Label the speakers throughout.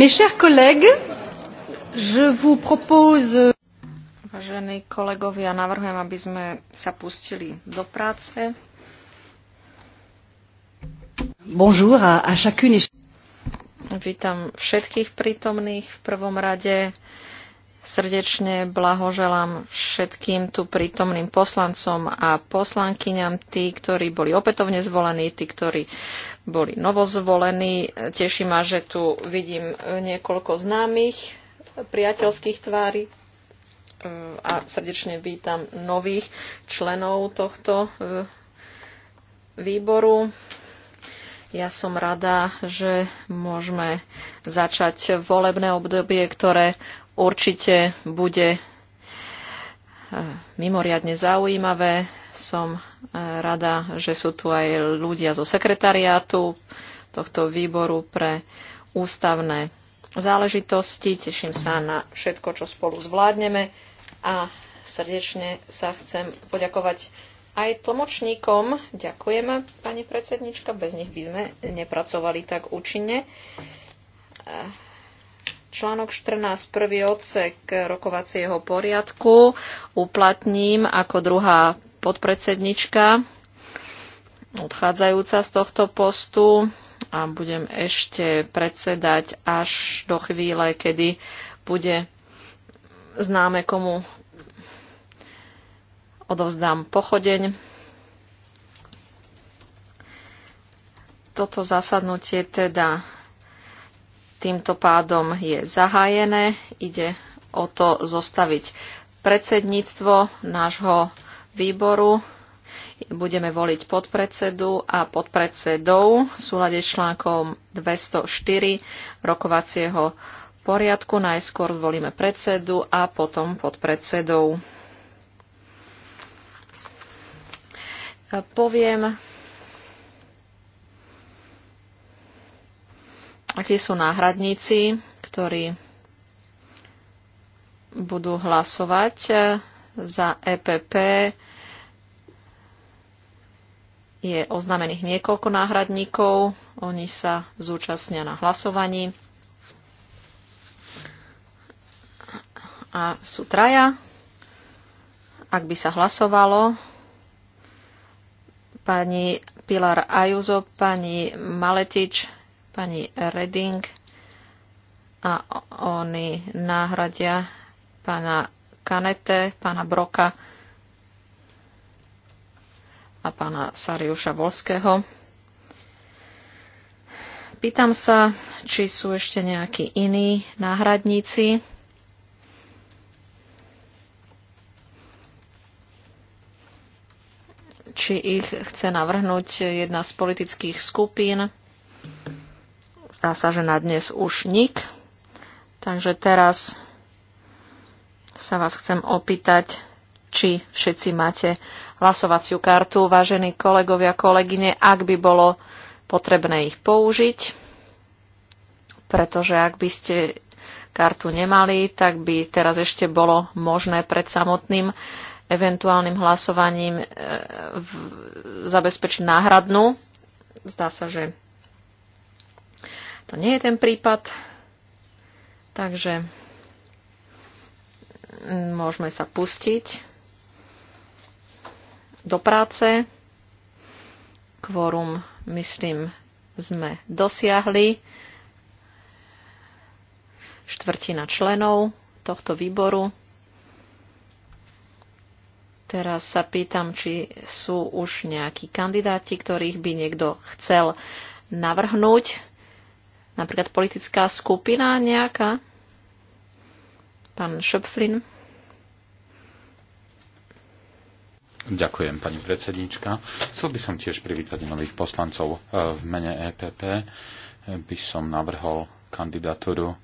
Speaker 1: Mes chers collègues, je vous propose... Vážení kolegovia, navrhujem, aby sme sa pustili do práce.
Speaker 2: Bonjour à, à chacune
Speaker 1: et... Vítam všetkých prítomných. V prvom rade Srdečne blahoželám všetkým tu prítomným poslancom a poslankyňam, tí, ktorí boli opätovne zvolení, tí, ktorí boli novozvolení. Teší ma, že tu vidím niekoľko známych priateľských tvári a srdečne vítam nových členov tohto e, výboru. Ja som rada, že môžeme začať volebné obdobie, ktoré určite bude eh, mimoriadne zaujímavé. Som eh, rada, že sú tu aj ľudia zo sekretariátu tohto výboru pre ústavné záležitosti. Teším sa na všetko, čo spolu zvládneme a srdečne sa chcem poďakovať aj tlmočníkom. Ďakujeme, pani predsednička, bez nich by sme nepracovali tak účinne. Eh, článok 14, prvý odsek rokovacieho poriadku uplatním ako druhá podpredsednička odchádzajúca z tohto postu a budem ešte predsedať až do chvíle, kedy bude známe, komu odovzdám pochodeň. Toto zasadnutie teda týmto pádom je zahájené. Ide o to zostaviť predsedníctvo nášho výboru. Budeme voliť podpredsedu a podpredsedov v súlade s článkom 204 rokovacieho poriadku. Najskôr zvolíme predsedu a potom podpredsedov. Poviem akí sú náhradníci, ktorí budú hlasovať e, za EPP. Je oznamených niekoľko náhradníkov. Oni sa zúčastnia na hlasovaní. A sú traja. Ak by sa hlasovalo, pani Pilar Ajuzo, pani Maletič, pani Reding a oni náhradia pana Kanete, pana Broka a pána Sariuša Volského. Pýtam sa, či sú ešte nejakí iní náhradníci. Či ich chce navrhnúť jedna z politických skupín. Zdá sa, že na dnes už nik. Takže teraz sa vás chcem opýtať, či všetci máte hlasovaciu kartu, vážení kolegovia, kolegyne, ak by bolo potrebné ich použiť, pretože ak by ste kartu nemali, tak by teraz ešte bolo možné pred samotným eventuálnym hlasovaním eh, zabezpečiť náhradnú. Zdá sa, že to nie je ten prípad. Takže mm, môžeme sa pustiť do práce. Kvorum, myslím, sme dosiahli. Štvrtina členov tohto výboru. Teraz sa pýtam, či sú už nejakí kandidáti, ktorých by niekto chcel navrhnúť. Napríklad politická skupina nejaká? Pán Šopflin.
Speaker 2: Ďakujem, pani predsednička. Chcel by som tiež privítať nových poslancov eh, v mene EPP. By som navrhol kandidatúru eh,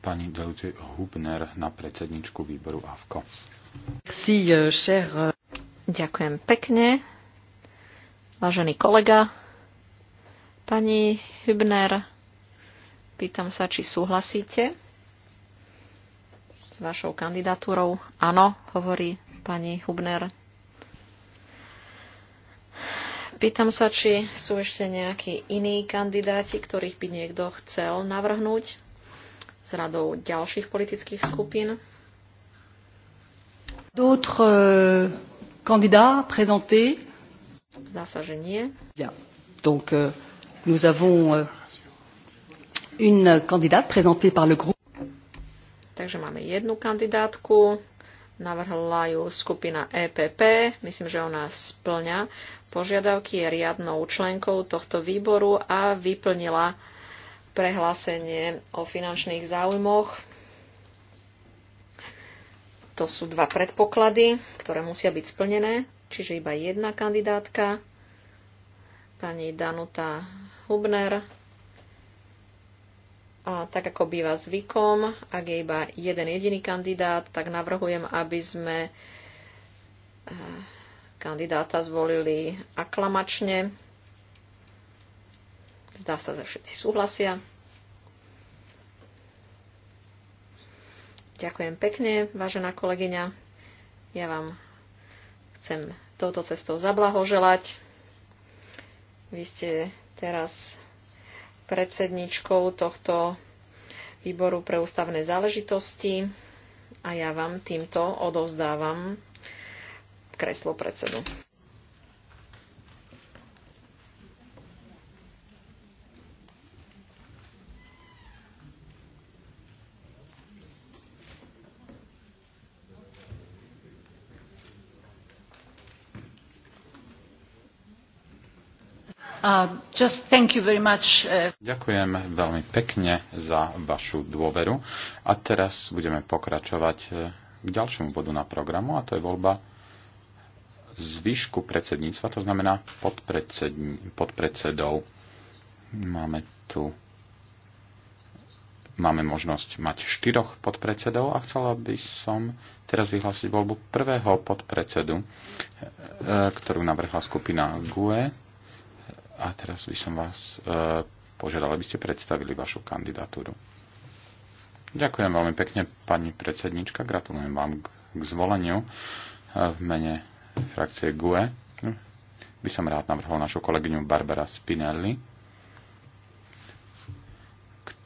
Speaker 2: pani Delute Hubner na predsedničku výboru AVKO.
Speaker 1: Euh, euh. Ďakujem pekne, vážený kolega. Pani Hübner, pýtam sa, či súhlasíte s vašou kandidatúrou. Áno, hovorí pani Hubner. Pýtam sa, či sú ešte nejakí iní kandidáti, ktorých by niekto chcel navrhnúť s radou ďalších politických skupín.
Speaker 2: D'autres euh, candidats présentés
Speaker 1: Zdá sa, že nie. Ja. Donc, euh,
Speaker 2: Nous avons euh, une candidate présentée par le groupe.
Speaker 1: Takže máme jednu kandidátku, navrhla ju skupina EPP. Myslím, že ona splňa požiadavky, je riadnou členkou tohto výboru a vyplnila prehlásenie o finančných záujmoch. To sú dva predpoklady, ktoré musia byť splnené, čiže iba jedna kandidátka pani Danuta Hubner. A tak ako býva zvykom, ak je iba jeden jediný kandidát, tak navrhujem, aby sme eh, kandidáta zvolili aklamačne. Zdá sa, že všetci súhlasia. Ďakujem pekne, vážená kolegyňa. Ja vám chcem touto cestou zablahoželať. Vy ste teraz predsedničkou tohto výboru pre ústavné záležitosti a ja vám týmto odovzdávam kreslo predsedu. Uh, uh,
Speaker 2: Ďakujem veľmi pekne za vašu dôveru. A teraz budeme pokračovať uh, k ďalšiemu bodu na programu, a to je voľba zvyšku predsedníctva, to znamená podpredsedov. Máme tu máme možnosť mať štyroch podpredsedov a chcela by som teraz vyhlásiť voľbu prvého podpredsedu, ktorú navrhla skupina GUE a teraz by som vás e, požiadal, aby ste predstavili vašu kandidatúru. Ďakujem veľmi pekne, pani predsednička. Gratulujem vám k zvoleniu e, v mene frakcie GUE. By som rád navrhol našu kolegyňu Barbara Spinelli,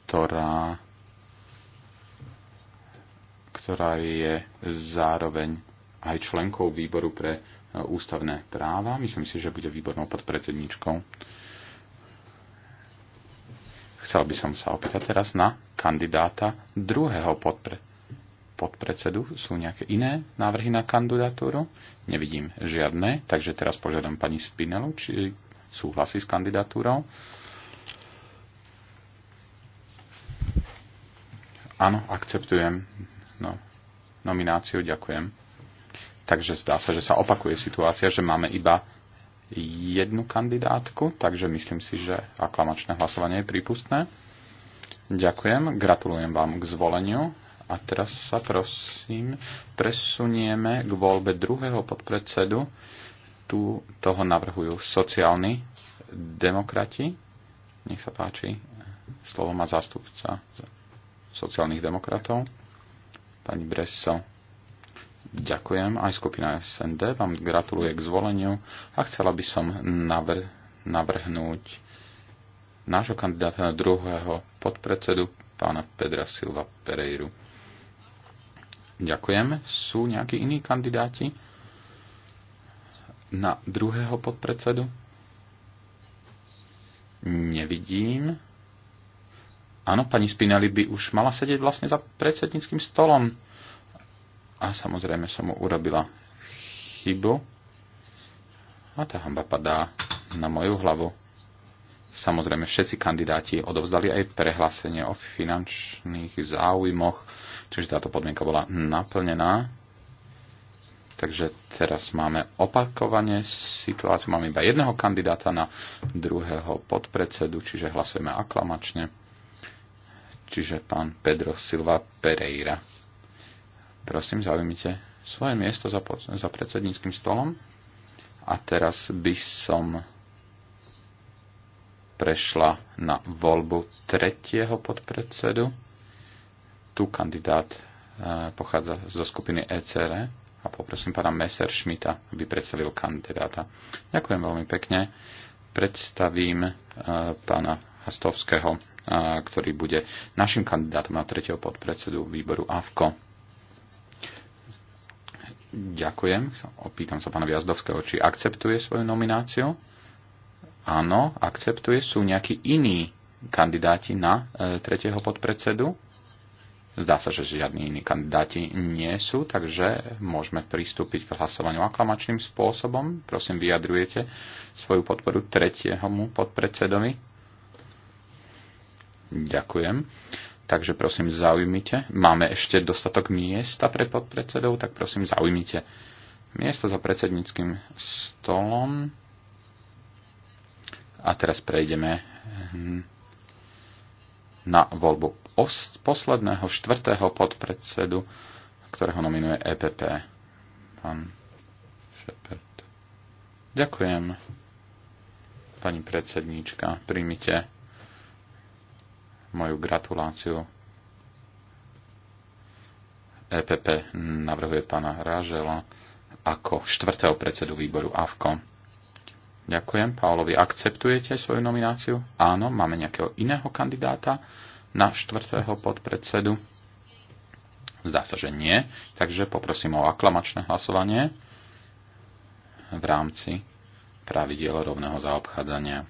Speaker 2: ktorá, ktorá je zároveň aj členkou výboru pre ústavné práva. Myslím si, že bude výbornou podpredsedničkou. Chcel by som sa opýtať teraz na kandidáta druhého podpre- podpredsedu. Sú nejaké iné návrhy na kandidatúru? Nevidím žiadne, takže teraz požiadam pani Spinelu, či súhlasí s kandidatúrou. Áno, akceptujem no, nomináciu, ďakujem. Takže zdá sa, že sa opakuje situácia, že máme iba jednu kandidátku, takže myslím si, že aklamačné hlasovanie je prípustné. Ďakujem, gratulujem vám k zvoleniu a teraz sa prosím presunieme k voľbe druhého podpredsedu. Tu toho navrhujú sociálni demokrati. Nech sa páči, slovo má zástupca sociálnych demokratov, pani Bresso. Ďakujem. Aj skupina SND vám gratuluje k zvoleniu a chcela by som navr- navrhnúť nášho kandidáta na druhého podpredsedu, pána Pedra Silva Pereiru. Ďakujem. Sú nejakí iní kandidáti na druhého podpredsedu? Nevidím. Áno, pani Spinelli by už mala sedieť vlastne za predsedníckým stolom a samozrejme som mu urobila chybu a tá hamba padá na moju hlavu. Samozrejme, všetci kandidáti odovzdali aj prehlásenie o finančných záujmoch, čiže táto podmienka bola naplnená. Takže teraz máme opakovanie situáciu. Máme iba jedného kandidáta na druhého podpredsedu, čiže hlasujeme aklamačne. Čiže pán Pedro Silva Pereira. Prosím, zaujímite svoje miesto za, za predsedníckým stolom. A teraz by som prešla na voľbu tretieho podpredsedu. Tu kandidát eh, pochádza zo skupiny ECR a poprosím pána Messer Schmita, aby predstavil kandidáta. Ďakujem veľmi pekne. Predstavím eh, pána Hastovského, eh, ktorý bude našim kandidátom na tretieho podpredsedu výboru AVKO. Ďakujem. Opýtam sa pána Viazdovského, či akceptuje svoju nomináciu. Áno, akceptuje. Sú nejakí iní kandidáti na e, tretieho podpredsedu? Zdá sa, že žiadni iní kandidáti nie sú, takže môžeme pristúpiť k hlasovaniu aklamačným spôsobom. Prosím, vyjadrujete svoju podporu tretiemu podpredsedovi. Ďakujem takže prosím zaujmite. Máme ešte dostatok miesta pre podpredsedov, tak prosím zaujmite miesto za predsedníckým stolom. A teraz prejdeme hm, na voľbu posledného, štvrtého podpredsedu, ktorého nominuje EPP. Pán Ďakujem, pani predsedníčka. Príjmite moju gratuláciu. EPP navrhuje pána Rážela ako štvrtého predsedu výboru AVKO. Ďakujem. Paolovi, akceptujete svoju nomináciu? Áno, máme nejakého iného kandidáta na štvrtého podpredsedu? Zdá sa, že nie, takže poprosím o aklamačné hlasovanie v rámci pravidiel rovného zaobchádzania.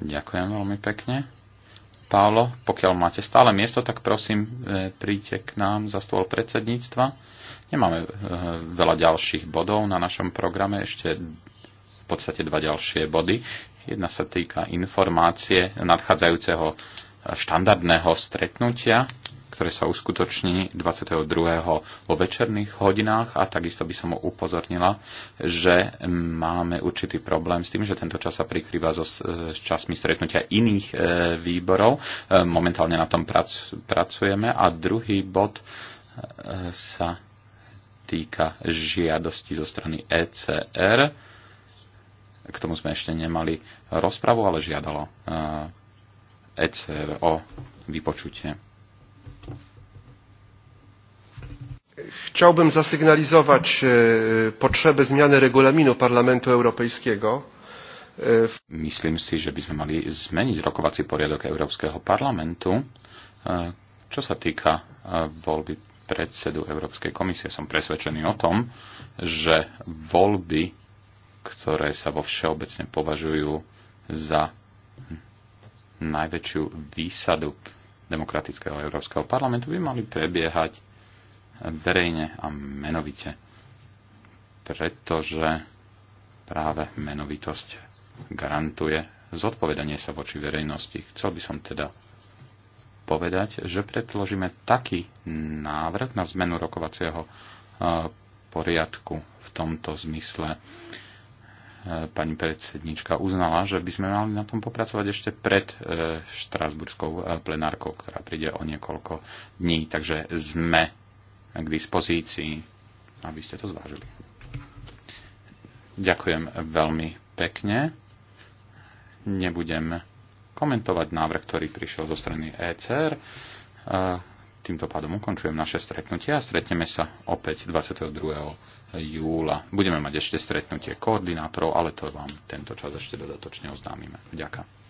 Speaker 2: Ďakujem veľmi pekne stálo, pokiaľ máte stále miesto, tak prosím, e, príďte k nám za stôl predsedníctva. Nemáme e, veľa ďalších bodov na našom programe, ešte v podstate dva ďalšie body. Jedna sa týka informácie nadchádzajúceho štandardného stretnutia ktoré sa uskutoční 22. vo večerných hodinách a takisto by som ho upozornila, že máme určitý problém s tým, že tento čas sa prikrýva so, s časmi stretnutia iných e, výborov. E, momentálne na tom prac, pracujeme a druhý bod e, sa týka žiadosti zo strany ECR. K tomu sme ešte nemali rozpravu, ale žiadalo ECR o vypočutie. Chciałbym zasygnalizować e, potrzebę zmiany regulaminu Parlamentu Europejskiego. E, Myslím si, že by sme mali zmeniť rokovací poriadok Európskeho parlamentu, e, čo sa týka voľby predsedu Európskej komisie. Som presvedčený o tom, že voľby, ktoré sa vo všeobecne považujú za najväčšiu výsadu demokratického Európskeho parlamentu, by mali prebiehať verejne a menovite. Pretože práve menovitosť garantuje zodpovedanie sa voči verejnosti. Chcel by som teda povedať, že predložíme taký návrh na zmenu rokovacieho e, poriadku v tomto zmysle. E, pani predsednička uznala, že by sme mali na tom popracovať ešte pred e, štrasburskou plenárkou, ktorá príde o niekoľko dní. Takže sme k dispozícii, aby ste to zvážili. Ďakujem veľmi pekne. Nebudem komentovať návrh, ktorý prišiel zo strany ECR. Týmto pádom ukončujem naše stretnutie a stretneme sa opäť 22. júla. Budeme mať ešte stretnutie koordinátorov, ale to vám tento čas ešte dodatočne oznámime. Ďakujem.